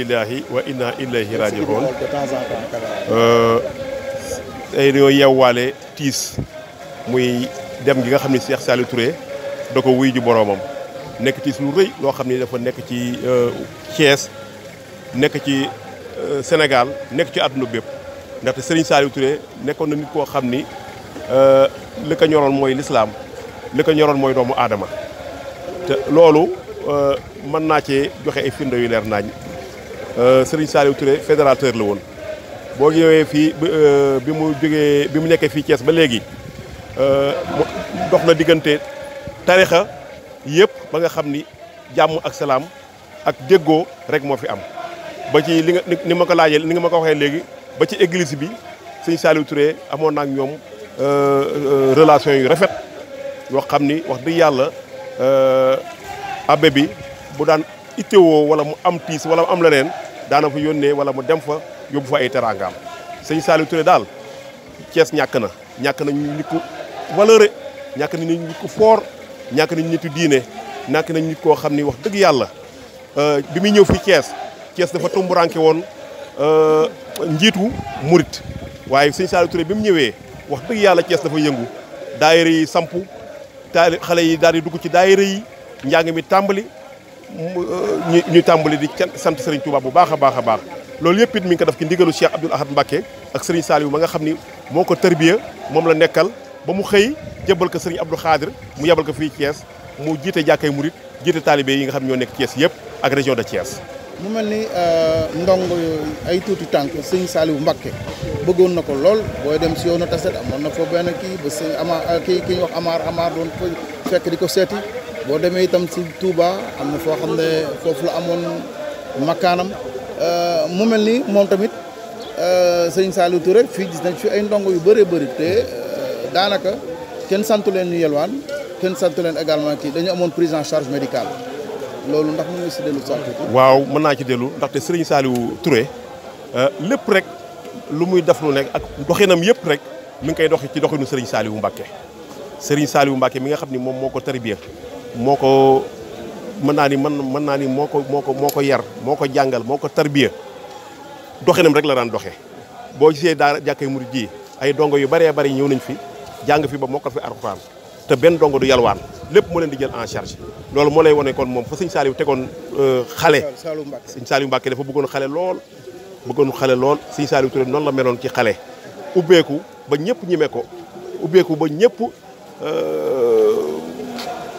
lillahi wa inna ilayhi raji'un euh, tey dañoo yeewaale tiis muy dem gi nga xam ne Cheikh Saliou Touré da ko wuy ji boroomam nekk tiis lu rëy loo xam ne dafa nekk ci euh, Thiès nekk ci euh, Sénégal nekk ci àdduna bépp ndaxte Serigne Saliou Touré nekkoon na nit koo xam ni li ko ñoroon mooy lislaam li ko ñoroon mooy doomu aadama te loolu mën naa cee joxe ay firnde yu naañ Euh, Serigne Saliou Touré fédérateur la woon boo ñëwee fii bi euh, mu jógee bi mu nekkee fii cees ba léegi euh, dox na diggante tarixa yëpp ba nga xam ni jàmm ak salaam ak déggoo rek moo fi am ba ci li nga ni ma ko laajee ni nga ma ko waxee léegi ba ci église bi Serigne Saliou Touré amoon na ak ñoom relation yu rafet yoo xam ni wax dëgg yàlla abbé bi bu daan ittewoo wala mu am tiis wala mu am leneen daana fa yónnee wala mu dem fa yóbbu fa ay teraangaam sëñ Saliou Touré daal Cees ñàkk na ñàkk nañ nit ku valeuré ñàkk nañ nit foor ñàkk nañ nitu diine ñàkk nañ nit koo xam ni wax dëgg yàlla euh, bi muy ñëw fi Cees Cees nafa tumburanke woon euh, njiitu murit waaye sëñ Saliou Touré bi mu ñëwee wax dëgg yàlla Cees dafa yëngu daa yi sampu taali xale yi daal di dugg ci daayira yi njàng mi tàmbali Euh, ñu ñu tàmbali di sant Serigne Touba bu baax a baax a baax loolu yëpp it mi ngi ko def ci ndigalu Cheikh Abdoul Ahad Mbacké ak Serigne Saliou ma nga xam ni moo ko tërbiya moom la nekkal ba mu xëy jébbal ko Serigne Abdou Khadir mu yebal ko fii Thiès mu jiite jàkkay murit jiite taalibe yi nga xam ñoo nekk Thiès yëpp ak région de Thiès. mu mel ni euh, ndong ay tuuti tànk sëñ Saliou Mbacké bëggoon na ko lool booy dem si yoonu Tasset amoon na fa benn kii ba sëñ euh, Amar kii doon fekk di ko seeti. boo demee itam si Touba am na foo xam ne foofu la amoon makaanam euh, mu mel ni moom tamit euh, sëñ Saliou ture fii gis nañ fi ay ndongo yu bëree bëri te euh, daanaka kenn santu leen ñu yelwaan kenn santu leen également kii dañu amoon prise en charge médicale loolu ndax mën nga si dellu sax waaw mën naa ci dellu ndaxte sëriñ Saliou Touré lépp rek lu muy def lu nekk ak doxinam yëpp rek mu ngi koy doxi ci doxinu sëriñ Saliou Mbacke sëriñ Saliou Mbacke mi nga xam ni moom moo ko tarbiya moo ko mën naa ni man mën naa ni moo ko moo ko moo ko yar moo ko jàngal moo ko tarbiya doxinam rek la daan doxee boo gisee daara mu murid ji ay dongo yu baree bari ñëw nañ fi jàng fi ba moo ko fi Alxuraan te benn dongo du yalwaan lépp moo leen di jël en charge loolu moo lay wane kon moom fa sëñ Saliou tegoon euh, xale sëñ Saliou Mbacke dafa bëggoon xale lool bëggoon xale lool sëñ Saliou Touré noonu la meloon ci xale ubbeeku ba ñëpp ñime ko ubbeeku ba ñëpp euh,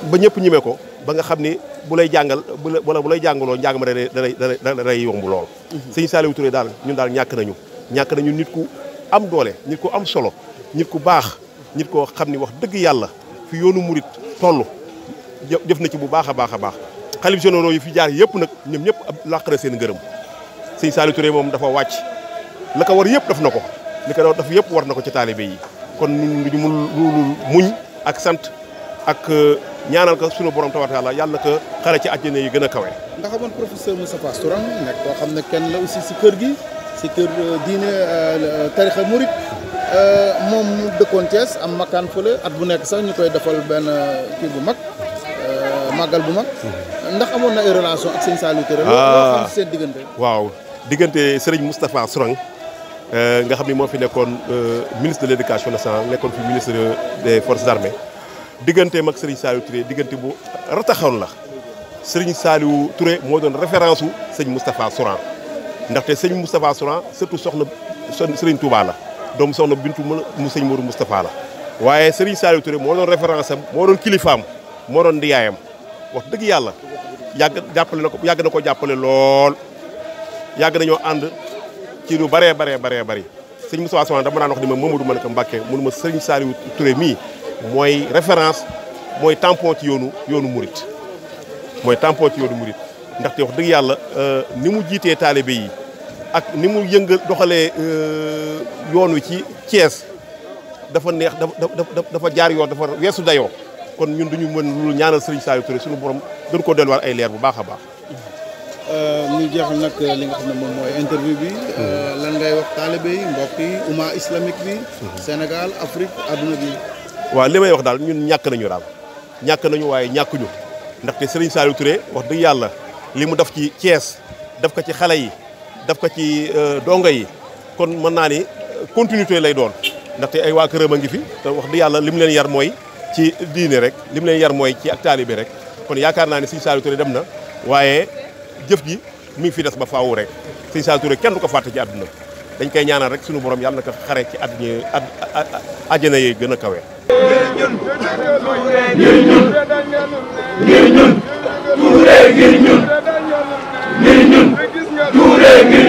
ba ñëpp ñime ko ba nga xam ni bu lay jàngal wala bu lay jàngaloo njàng ma day day day yomb lool. Mhm. sëñ Saliou Touré daal ñun daal ñàkk nañu. ñàkk nañu nit ku am doole nit ku am solo nit ku baax nit koo xam ni wax dëgg yàlla fi yoonu murit toll jëf na ci bu baax a baax a baax xalif yi fi jaar yëpp nag ñoom ñëpp làq na seen ngërëm sëñ Saliou Touré moom dafa wàcc la war yëpp def na ko li ko def yëpp war na ko ci taalibe yi kon ñu muñ ak sant. ak euh, ñaanal ko sunu borom tabaaraka taala yàlla na ko xare ci àjjana yi gën a kawe. nga xamoon professeur Moussa Fass Touran nekk koo xam ne kenn la aussi si kër gi si kër euh, diine euh, am makkaan at bu nekk sax ñu koy defal benn bu mag màggal bu mag. ndax amoon na ay relation ak sëñ Saliou ah. diggante. waaw diggante Serigne Moustapha Sourang nga xam ni moo fi nekkoon ministre de l' éducation nationale nekkoon fi ministre des forces armées diggante ak Serigne Saliou Touré diggante bu rataxoon la Serigne Saliou ture moo doon référence su sëñ Moustapha Souran ndaxte sëñ Moustapha Souran surtout soxna Serigne Touba la doomu soxna Bintu mu sëñ Modou Moustapha waaye Serigne Saliou Touré moo doon référence am moo doon kilifaam moo doon ndiyaayam wax dëgg yàlla yàgg jàppale na ko yàgg na ko jàppale lool yàgg nañoo ànd ci lu bare baree baree bari sëñ Moustapha Souran dama naan wax ni ma Mamadou ma ne ko Mbacke mënu ma Serigne Saliou Touré mii. mooy référence mooy tampon ci yoonu yoonu murit mooy tampon ci yoonu murit ndaxte wax dëgg yàlla euh, ni mu jiitee taalibe yi ak ni mu yëngal doxalee euh, yoon wi ci Thiès dafa neex dafa dafa jaar yoon dafa weesu dayoo kon ñun duñu mën lu ñaanal Serigne Saliou Touré suñu borom gën koo delluwaat ay leer bu baax a baax. Euh, ñu jeexal nag li nga xam ne moom mooy interview bi. Mm-hmm. lan ngay wax taalibe yi mbokk yi umma islamique bi. Mm-hmm. Sénégal Afrique adduna bi. waaw li may wax daal ñun ñàkk nañu daal ñàkk nañu waaye ñàkkuñu ndaxte Serigne Saliou Touré wax dëgg yàlla li mu def ci Thiès daf ko ci xale yi daf ko ci euh, donga yi kon mën naa ni euh, continuité lay doon ndaxte ay waa këram a ngi fi te wax dëgg yàlla li mu leen yar mooy ci diine rek li mu leen yar mooy ci ak taalibe rek kon yaakaar naa ne Serigne Saliou Touré dem na waaye jëf ji mi fi des ba faawu rek Serigne Saliou Touré kenn du ko fàtte ci àdduna dañ koy ñaanal rek sunu borom yàlla ko xare ci àdduna àjjana yi gën a kawe ngir ñun ngir ñun tuuree ngir ñun ngir ñun tuuree ngir